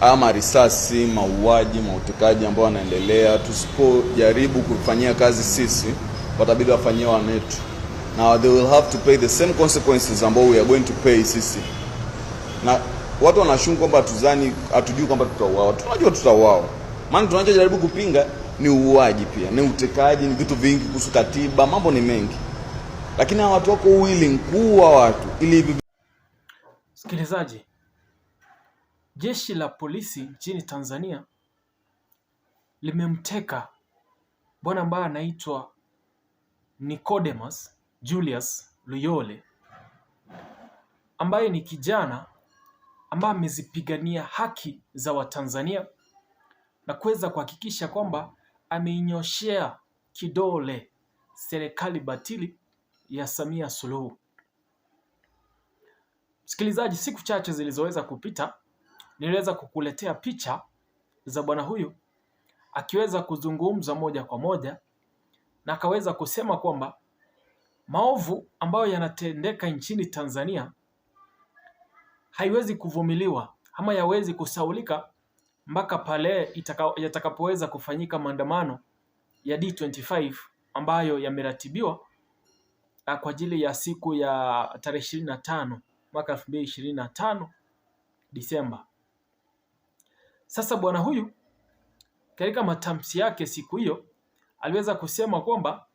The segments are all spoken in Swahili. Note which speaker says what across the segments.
Speaker 1: ama risasi, mauaji, mautekaji ambao wanaendelea, tusipojaribu kufanyia kazi sisi, watabidi wafanyie wanetu, na they will have to pay the same consequences ambao we are going to pay sisi. Na watu wanashuku kwamba tuzani, hatujui kwamba tutauawa. Tunajua tutauawa, maana tunachojaribu kupinga ni uuaji, pia ni utekaji, ni vitu vingi kuhusu katiba, mambo ni mengi, lakini hawa watu wako willing kuua watu ili.
Speaker 2: Msikilizaji Jeshi la polisi nchini Tanzania limemteka bwana ambaye anaitwa Nicodemus Julius Luyole ambaye ni kijana ambaye amezipigania haki za Watanzania na kuweza kuhakikisha kwamba ameinyoshea kidole serikali batili ya Samia Suluhu. Msikilizaji, siku chache zilizoweza kupita niliweza kukuletea picha za bwana huyu akiweza kuzungumza moja kwa moja na akaweza kusema kwamba maovu ambayo yanatendeka nchini Tanzania haiwezi kuvumiliwa ama yawezi kusaulika mpaka pale yatakapoweza kufanyika maandamano ya D25 ambayo yameratibiwa ah, kwa ajili ya siku ya tarehe 25 mwaka 2025 Disemba. Sasa bwana huyu katika matamshi yake siku hiyo aliweza kusema kwamba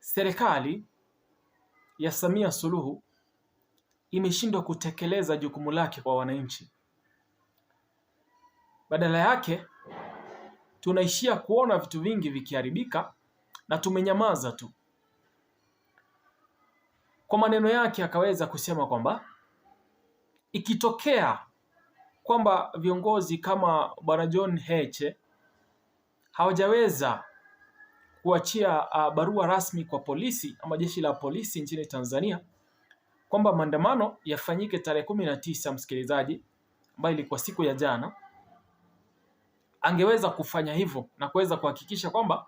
Speaker 2: serikali ya Samia Suluhu imeshindwa kutekeleza jukumu lake kwa wananchi. Badala yake tunaishia kuona vitu vingi vikiharibika na tumenyamaza tu. Kwa maneno yake akaweza kusema kwamba ikitokea kwamba viongozi kama Bwana John Heche hawajaweza kuachia uh, barua rasmi kwa polisi ama jeshi la polisi nchini Tanzania kwamba maandamano yafanyike tarehe kumi na tisa, msikilizaji, ambayo ilikuwa siku ya jana. Angeweza kufanya hivyo na kuweza kuhakikisha kwamba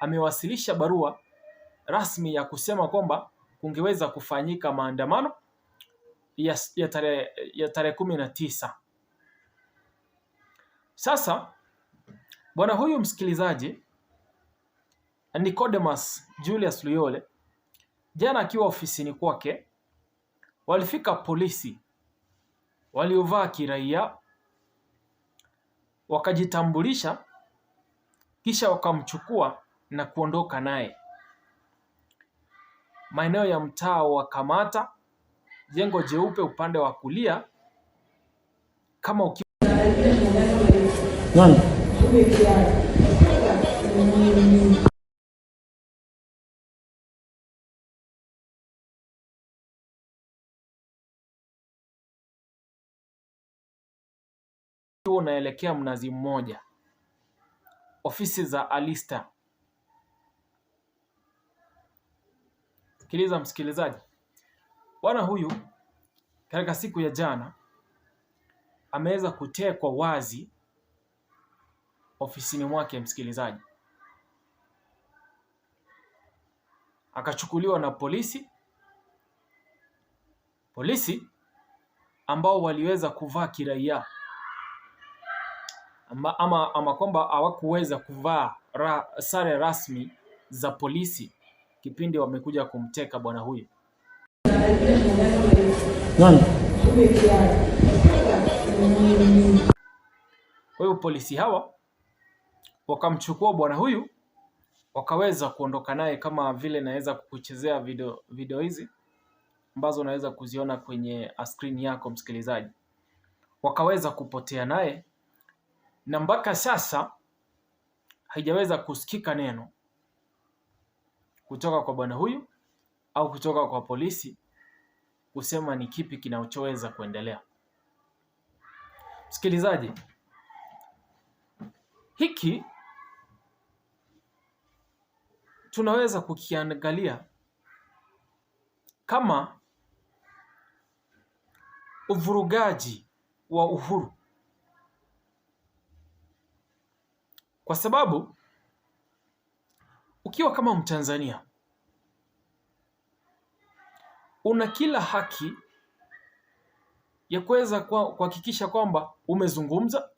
Speaker 2: amewasilisha barua rasmi ya kusema kwamba kungeweza kufanyika maandamano ya tarehe ya tarehe kumi na tisa sasa bwana huyu msikilizaji Nicodemus Julius Luyole jana akiwa ofisini kwake, walifika polisi waliovaa kiraia wakajitambulisha, kisha wakamchukua na kuondoka naye maeneo ya mtaa wa Kamata, jengo jeupe upande wa kulia kama ukiwa nani? Unaelekea Mnazi Mmoja, ofisi za Alista. Sikiliza msikilizaji, bwana huyu katika siku ya jana ameweza kutekwa wazi ofisini mwake, msikilizaji, akachukuliwa na polisi, polisi ambao waliweza kuvaa kiraia ama, ama, ama kwamba hawakuweza kuvaa ra, sare rasmi za polisi kipindi wamekuja kumteka bwana huyu. Kwa hiyo polisi hawa wakamchukua bwana huyu wakaweza kuondoka naye, kama vile naweza kukuchezea video video hizi ambazo unaweza kuziona kwenye screen yako msikilizaji. Wakaweza kupotea naye na mpaka sasa haijaweza kusikika neno kutoka kwa bwana huyu au kutoka kwa polisi kusema ni kipi kinachoweza kuendelea. Msikilizaji, hiki tunaweza kukiangalia kama uvurugaji wa uhuru, kwa sababu ukiwa kama Mtanzania una kila haki ya kuweza kuhakikisha kwamba umezungumza,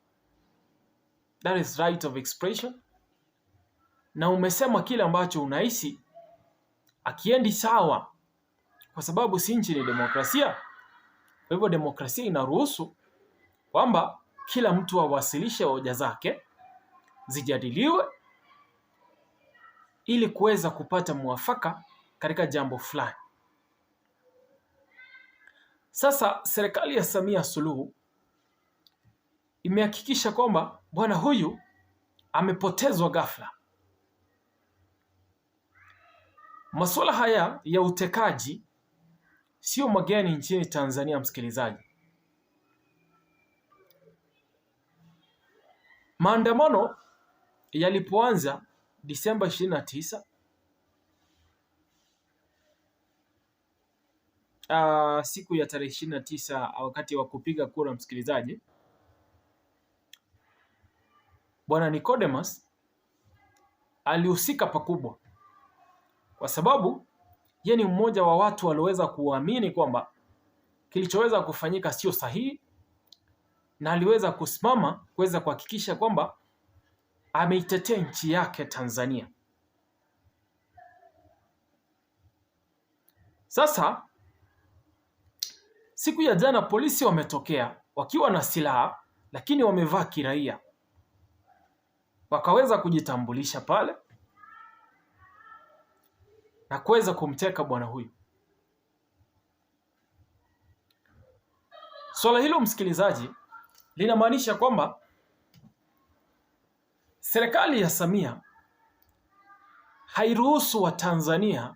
Speaker 2: that is right of expression na umesema kile ambacho unahisi, akiendi sawa, kwa sababu si nchi ni demokrasia. Kwa hivyo demokrasia inaruhusu kwamba kila mtu awasilishe hoja zake zijadiliwe ili kuweza kupata mwafaka katika jambo fulani. Sasa serikali ya Samia Suluhu imehakikisha kwamba bwana huyu amepotezwa ghafla, Masuala haya ya utekaji sio mageni nchini Tanzania, msikilizaji. Maandamano yalipoanza Disemba 29 Uh, ah, siku ya tarehe ishirini na tisa wakati wa kupiga kura, msikilizaji, Bwana Nicodemus alihusika pakubwa kwa sababu ye ni mmoja wa watu walioweza kuamini kwamba kilichoweza kufanyika sio sahihi, na aliweza kusimama kuweza kuhakikisha kwamba ameitetea nchi yake Tanzania. Sasa siku ya jana polisi wametokea wakiwa na silaha, lakini wamevaa kiraia, wakaweza kujitambulisha pale na kuweza kumteka bwana huyu. Swala hilo msikilizaji, linamaanisha kwamba serikali ya Samia hairuhusu Watanzania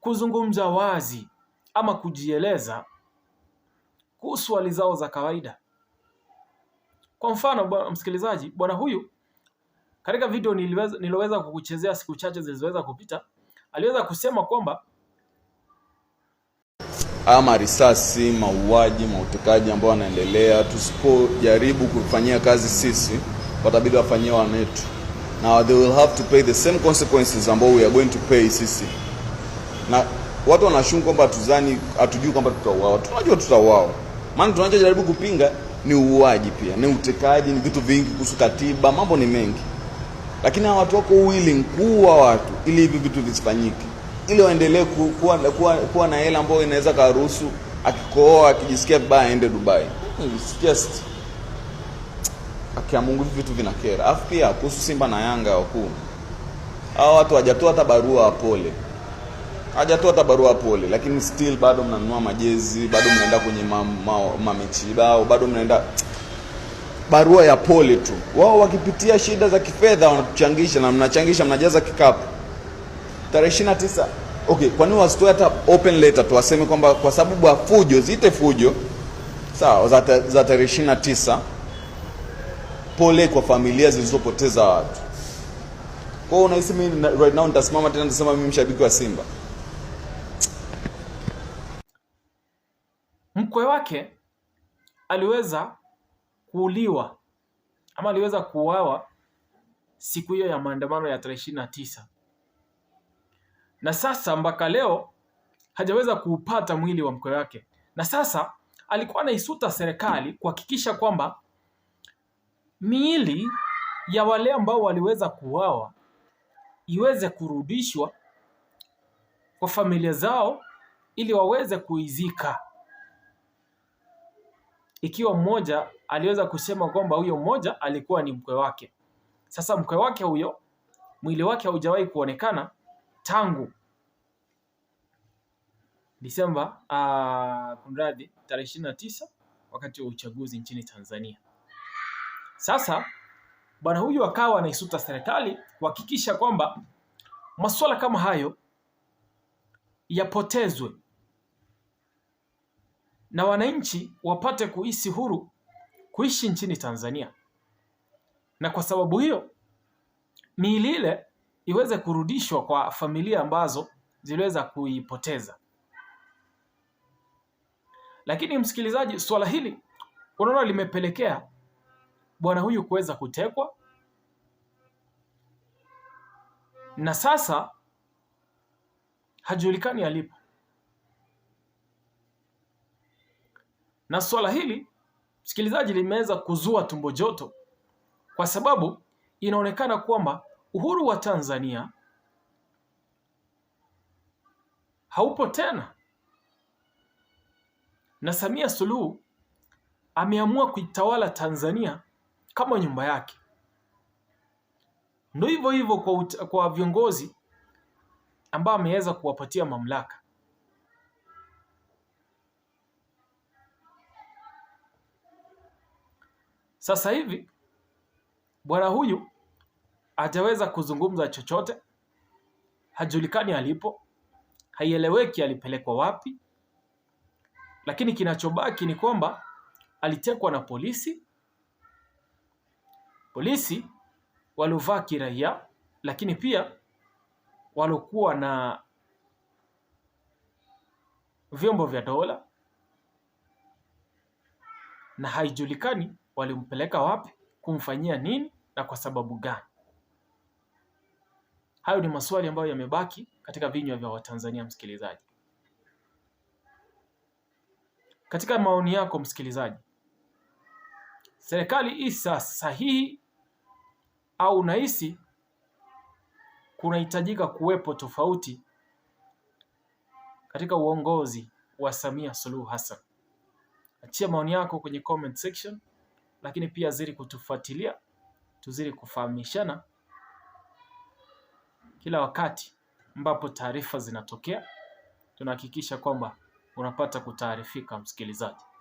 Speaker 2: kuzungumza wazi ama kujieleza kuhusu hali zao za kawaida. Kwa mfano bwana msikilizaji, bwana huyu katika video niloweza kukuchezea siku chache zilizoweza kupita aliweza kusema kwamba
Speaker 1: ama risasi, mauaji, mautekaji ambao wanaendelea, tusipojaribu kufanyia kazi sisi, watabidi wafanyie wanetu, na they will have to pay the same consequences ambao we are going to pay sisi. Na watu wanashuku kwamba tuzani, hatujui kwamba tutauawa. Tunajua tutauawa, maana tunachojaribu kupinga ni uuaji, pia ni utekaji, ni vitu vingi kuhusu katiba, mambo ni mengi lakini hawa watu wako willing kuua watu ili hivi vitu visifanyike, ili waendelee kuwa, kuwa, kuwa na hela ambayo inaweza karuhusu akikooa akijisikia vibaya aende Dubai. It's just akia Mungu, vitu vinakera. Alafu pia kuhusu Simba na Yanga wakuu, hawa watu hawajatoa hata barua pole, hajatoa hata barua pole, lakini still bado mnanunua majezi, bado mnaenda kwenye mamechibao ma, ma, ma, bado mnaenda barua ya pole tu. Wao wakipitia shida za kifedha wanatuchangisha, na mnachangisha, mnajaza kikapu tarehe 29. Okay, kwa nini wasitoe hata open letter tu, waseme kwamba kwa sababu ya fujo, ziite fujo sawa, za tarehe 29, pole kwa familia zilizopoteza watu. Kwa hiyo unahisi mimi right now nitasimama tena nitasema mimi mshabiki wa Simba?
Speaker 2: Mkwe wake aliweza kuuliwa ama aliweza kuuawa siku hiyo ya maandamano ya tarehe ishirini na tisa na sasa mpaka leo hajaweza kuupata mwili wa mkwe wake, na sasa alikuwa anaisuta serikali kuhakikisha kwamba miili ya wale ambao waliweza kuuawa iweze kurudishwa kwa familia zao ili waweze kuizika ikiwa mmoja aliweza kusema kwamba huyo mmoja alikuwa ni mkwe wake. Sasa mkwe wake huyo mwili wake haujawahi kuonekana tangu Disemba ah, kumradhi, tarehe ishirini na tisa wakati wa uchaguzi nchini Tanzania. Sasa bwana huyu akawa anaisuta serikali kuhakikisha kwamba masuala kama hayo yapotezwe na wananchi wapate kuhisi huru kuishi nchini Tanzania, na kwa sababu hiyo miili ile iweze kurudishwa kwa familia ambazo ziliweza kuipoteza. Lakini msikilizaji, suala hili unaona limepelekea bwana huyu kuweza kutekwa na sasa hajulikani alipo. Na swala hili msikilizaji, limeweza kuzua tumbo joto kwa sababu inaonekana kwamba uhuru wa Tanzania haupo tena, na Samia Suluhu ameamua kuitawala Tanzania kama nyumba yake. Ndio hivyo hivyo kwa, kwa viongozi ambao ameweza kuwapatia mamlaka. Sasa hivi bwana huyu hajaweza kuzungumza chochote, hajulikani alipo, haieleweki alipelekwa wapi, lakini kinachobaki ni kwamba alitekwa na polisi, polisi waliovaa kiraia, lakini pia waliokuwa na vyombo vya dola na haijulikani walimpeleka wapi, kumfanyia nini na kwa sababu gani. Hayo ni maswali ambayo yamebaki katika vinywa vya Watanzania. Msikilizaji, katika maoni yako msikilizaji, serikali isa sahihi au unahisi kunahitajika kuwepo tofauti katika uongozi wa Samia Suluhu Hassan? Achia maoni yako kwenye comment section, lakini pia zidi kutufuatilia, tuzidi kufahamishana kila wakati ambapo taarifa zinatokea, tunahakikisha kwamba unapata kutaarifika msikilizaji.